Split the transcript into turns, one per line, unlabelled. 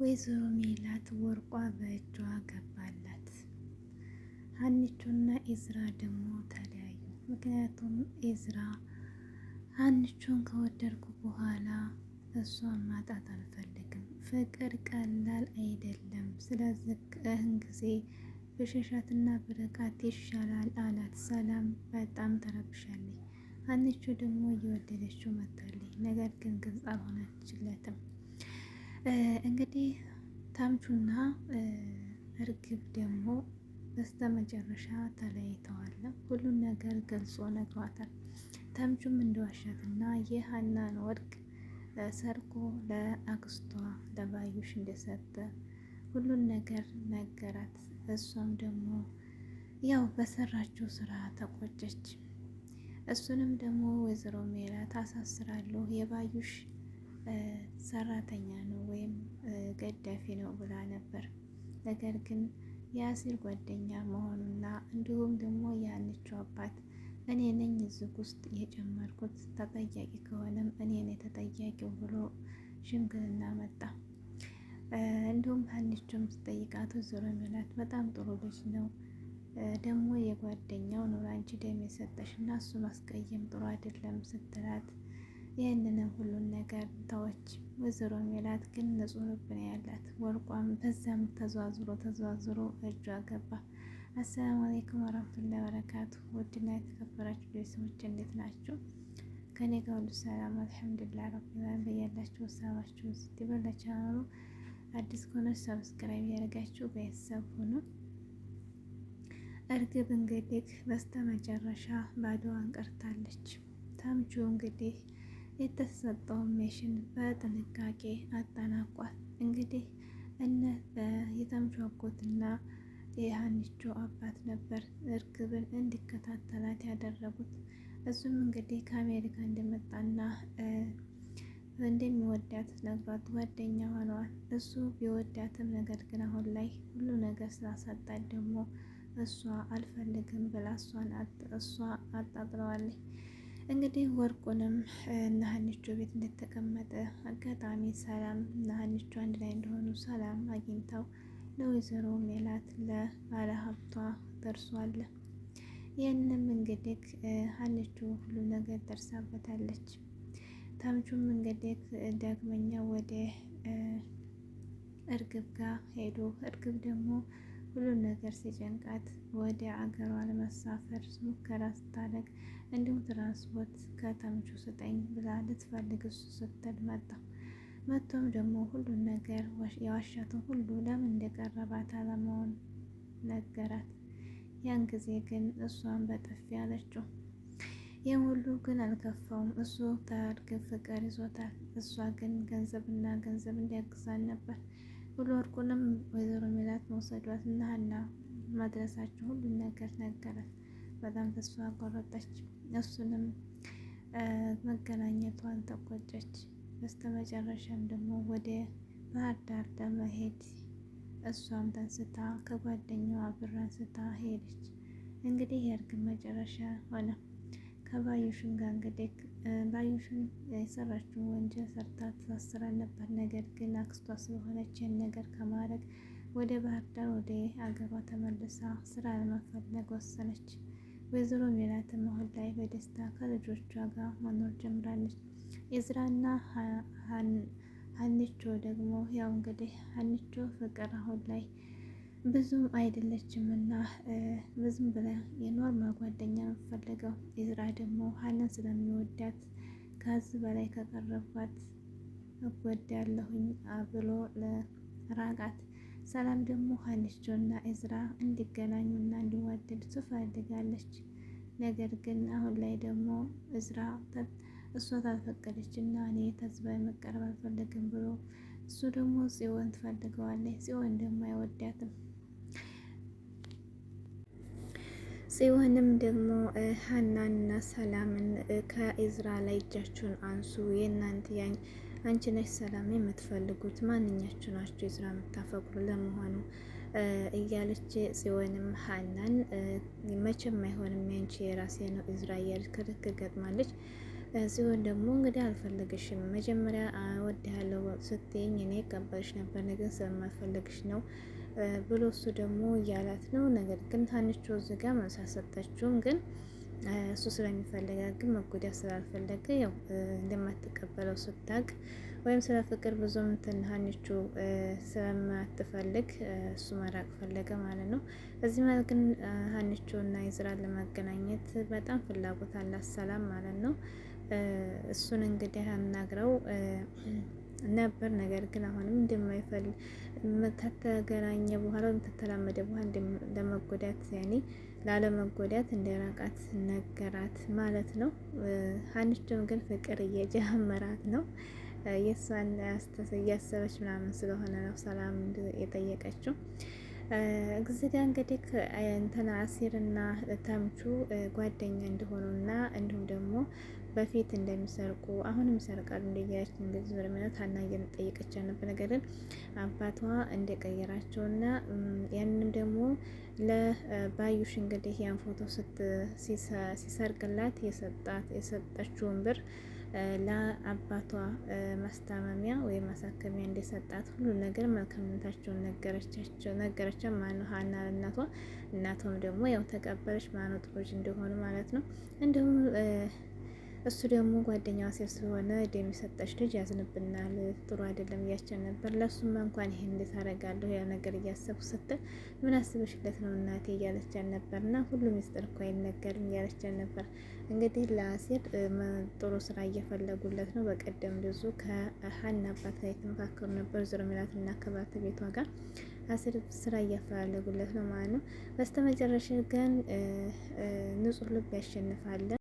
ወይዘሮ ሜላት ወርቋ በእጇ ገባላት። አንቹና ኤዝራ ደግሞ ተለያዩ። ምክንያቱም ኤዝራ አንቹን ከወደድኩ በኋላ እሷን ማጣት አልፈልግም፣ ፍቅር ቀላል አይደለም፣ ስለዚህ እህን ጊዜ በሸሻትና በርቀት ይሻላል አላት። ሰላም በጣም ተረብሻለች። አንቹ ደግሞ እየወደደችው መታለች። ነገር ግን ግልጽ አልሆነችለትም። እንግዲህ ተምቹና እርግብ ደግሞ በስተ መጨረሻ ተለያይተዋል። ሁሉን ነገር ገልጾ ነግሯታል። ታምቹም እንደዋሻትና የሀናን ወርቅ ሰርቆ ለአክስቷ ለባዩሽ እንደሰጠ ሁሉን ነገር ነገራት። እሷም ደግሞ ያው በሰራችው ስራ ተቆጨች። እሱንም ደግሞ ወይዘሮ ሜላት አሳስራለሁ የባዩሽ ሰራተኛ ነው ወይም ገዳፊ ነው ብላ ነበር። ነገር ግን የአሲር ጓደኛ መሆኑና እንዲሁም ደግሞ የአንቸው አባት እኔ ነኝ እዚህ ውስጥ የጨመርኩት ተጠያቂ ከሆነም እኔ ነኝ ተጠያቂው ብሎ ሽምግልና መጣ። እንዲሁም አንቸውም ስጠይቃት ዞሮ ምላት በጣም ጥሩ ልጅ ነው ደግሞ የጓደኛው ኑራንቺ ደም የሰጠሽ እና እሱ ማስቀየም ጥሩ አይደለም ስትላት ይህንንም ሁሉን ነገር ተወች። ወይዘሮ ሜላት ግን ንጹህ ልብ ነው ያላት። ወርቋም በዛም ተዟዝሮ ተዟዝሮ እጇ ገባ። አሰላሙ አለይኩም ወራህመቱላሂ ወበረካቱ። ውድና የተከበራችሁ ቤተሰቦች እንዴት ናችሁ? ከኔ ጋር ሁሉ ሰላም አልሐምዱሊላህ ረቢል በያላችሁ ወሰባችሁ ስትበላች አሁኑ አዲስ ከሆነ ሰብስክራይብ ያደርጋችሁ ቤተሰብ ሆኑ። እርግብ እንግዲህ በስተ መጨረሻ ባዶዋን ቀርታለች። ታምቹ እንግዲህ የተሰጠውን ሜሽን በጥንቃቄ አጠናቋል። እንግዲህ እነ የተምቾና የሀንቾ አባት ነበር እርግብን እንዲከታተላት ያደረጉት። እሱም እንግዲህ ከአሜሪካ እንደመጣና እንደሚወዳት ነግሯት ጓደኛ ሆነዋል። እሱ ቢወዳትም ነገር ግን አሁን ላይ ሁሉ ነገር ስላሳጣት ደግሞ እሷ አልፈልግም ብላ እሷን እሷ አጣጥለዋለች። እንግዲህ ወርቁንም እነ ሀኒቾ ቤት እንደተቀመጠ አጋጣሚ ሰላም እነ ሀኒቾ አንድ ላይ እንደሆኑ ሰላም አግኝታው ለወይዘሮ ሜላት ለባለ ሀብቷ ደርሷል። ይህንም እንግዲህ ሀኒቾ ሁሉ ነገር ደርሳበታለች። ታምቹም እንግዲህ ዳግመኛ ወደ እርግብ ጋር ሄዶ እርግብ ደግሞ ሁሉን ነገር ሲጨንቃት ወደ አገሯ ለመሳፈር ሙከራ ስታደርግ እንዲሁም ትራንስፖርት ከተምቹ ስጠኝ ብላ ልትፈልግ እሱ ስትል መጣ። መጥቶም ደግሞ ሁሉን ነገር የዋሻትን ሁሉ ለምን እንደቀረባት አላማውን ነገራት። ያን ጊዜ ግን እሷን በጥፊ አለችው። ይህም ሁሉ ግን አልከፋውም። እሱ ተርግብ ፍቅር ይዞታል። እሷ ግን ገንዘብና ገንዘብ እንዲያግዛን ነበር። ሁሉ ወርቁንም ወይዘሮ ሜላት መውሰዷት እና ሀና መድረሳቸው ሁሉን ነገር ነገራት። በጣም ተስፋ ቆረጠች። እሱንም መገናኘቷን ተቆጨች። በስተመጨረሻም ደግሞ ወደ ባህር ዳር ለመሄድ እሷም ተንስታ ከጓደኛዋ ብር አንስታ ሄደች። እንግዲህ የእርግብ መጨረሻ ሆነ። ከባዩሽም ጋር እንግዲህ ባዩሽም የሰራችውን ወንጀል ሰርታ ታስራ ነበር። ነገር ግን አክስቷ ስለሆነች ይህን ነገር ከማድረግ ወደ ባህር ዳር ወደ አገሯ ተመልሳ ስራ ለመፈለግ ወሰነች። ወይዘሮ ሜላትም አሁን ላይ በደስታ ከልጆቿ ጋር መኖር ጀምራለች። የዝራና ሀንቾ ደግሞ ያው እንግዲህ ሀንቾ ፍቅር አሁን ላይ ብዙም እና ብዙም ብላ የኖርማል ጓደኛ ፈለገው። የዝራ ደግሞ ሀናን ስለሚወዳት ከዚህ በላይ ከቀረባት እጎዳለሁኝ ብሎ ለራቃት። ሰላም ደግሞ ሀንቾ እና ሀኒቾና እዝራ እና እንዲዋደድ ትፈልጋለች። ነገር ግን አሁን ላይ ደግሞ እዝራ እሷ ታልፈቀደች እና እኔ ከዚህ በላይ መቀረብ አልፈለግም ብሎ እሱ ደግሞ ጽዮን ትፈልገዋለች። ጽዮን ደግሞ አይወዳትም። ጽዮንም ደግሞ ሀናንና ሰላምን ከኢዝራ ላይ እጃችሁን አንሱ፣ የእናንተ ያኝ አንቺ ነሽ ሰላም የምትፈልጉት ማንኛችሁ ናችሁ ኢዝራ የምታፈቅሩ ለመሆኑ እያለች ጽዮንም ሀናን መቼም አይሆንም ያንቺ የራሴ ነው ኢዝራ እያለች ክርክር ገጥማለች። ጽዮን ደግሞ እንግዲህ አልፈልግሽም፣ መጀመሪያ ወድ ያለው ስትኝ እኔ ቀበልሽ ነበር፣ ነገር ስለማልፈልግሽ ነው ብሎ እሱ ደግሞ እያላት ነው። ነገር ግን ታንቾ እዚህ ጋር መልስ አልሰጠችውም። ግን እሱ ስለሚፈልጋ ግን መጎዳት ስላልፈለገ ያው እንደማትቀበለው ስታቅ ወይም ስለ ፍቅር ብዙም እንትን ሀኒቹ ስለማትፈልግ እሱ መራቅ ፈለገ ማለት ነው። በዚህ ማለት ግን ሀኒቹ እና ይዝራን ለማገናኘት በጣም ፍላጎት አላት ሰላም ማለት ነው። እሱን እንግዲህ አናግረው ነበር። ነገር ግን አሁንም እንደማይፈልግ ከተገናኘ በኋላ ወይም ተተላመደ በኋላ ለመጎዳት ያኔ ላለመጎዳት እንደራቃት ነገራት ማለት ነው። ሀኒቾም ግን ፍቅር እየጀመራት ነው። የእሷን እያሰበች ምናምን ስለሆነ ነው ሰላም የጠየቀችው። እግዚአብሔር እንግዲህ እንትና አሲርና ተምቹ ጓደኛ እንደሆኑና እንዲሁም ደግሞ በፊት እንደሚሰርቁ አሁንም ይሰርቃሉ እንደያያቸው እንግዲህ ምርምና አና የምጠይቀቻ ነበር። ነገር ግን አባቷ እንደቀየራቸውና ያንንም ደግሞ ለባዩሽ እንግዲህ ያን ፎቶ ሲሰርቅላት የሰጣት የሰጠችውን ብር ለአባቷ ማስታመሚያ ወይም ማሳከሚያ እንደሰጣት ሁሉ ነገር መልካምነታቸውን ነገረቻቸው ነገረቻት ማለት ሀና እናቷ እናቷም ደግሞ ያው ተቀበለች ማለት ነው። እንደሆኑ ማለት ነው። እንዲሁም እሱ ደግሞ ጓደኛዋ ሴት ስለሆነ ደም የሰጠች ልጅ ያዝንብናል፣ ጥሩ አይደለም እያቸን ነበር። ለእሱማ እንኳን ይሄን እንዴት አደርጋለሁ ያ ነገር እያሰብኩ ስትል ምን አስበሽለት ነው እናቴ እያለቻን ነበር። እና ሁሉም ሚስጥር እኮ አይነገርም እያለቻን ነበር። እንግዲህ ለአሴር ጥሩ ስራ እየፈለጉለት ነው። በቀደም ልዙ ከሀና አባት ላይ የተመካከሩ ነበር። ዙር ሚላት እና ከባተ ቤቷ ጋር አስር ስራ እያፈላለጉለት ነው ማለት ነው። በስተመጨረሻ ግን ንጹህ ልብ ያሸንፋለን።